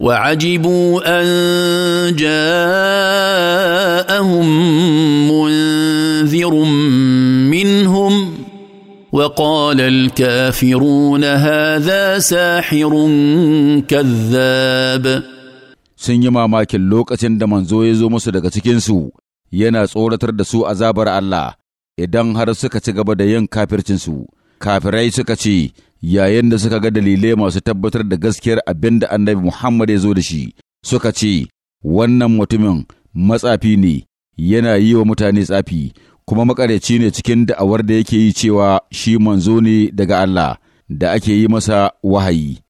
وعجبوا ان جاءهم منذر منهم وقال الكافرون هذا ساحر كذاب sun yi mamakin lokacin da manzo ya zo musu daga cikinsu yana tsoratar da su azabar Allah idan har suka ci gaba da yin kafircinsu kafirai suka ce yayin da suka ga dalilai masu tabbatar da gaskiyar abin da annabi Muhammad ya zo da shi, suka ce, Wannan mutumin matsafi ne, yana yi wa mutane tsafi, kuma makareci ne cikin da'awar da yake yi cewa shi manzo ne daga Allah, da ake yi masa wahayi.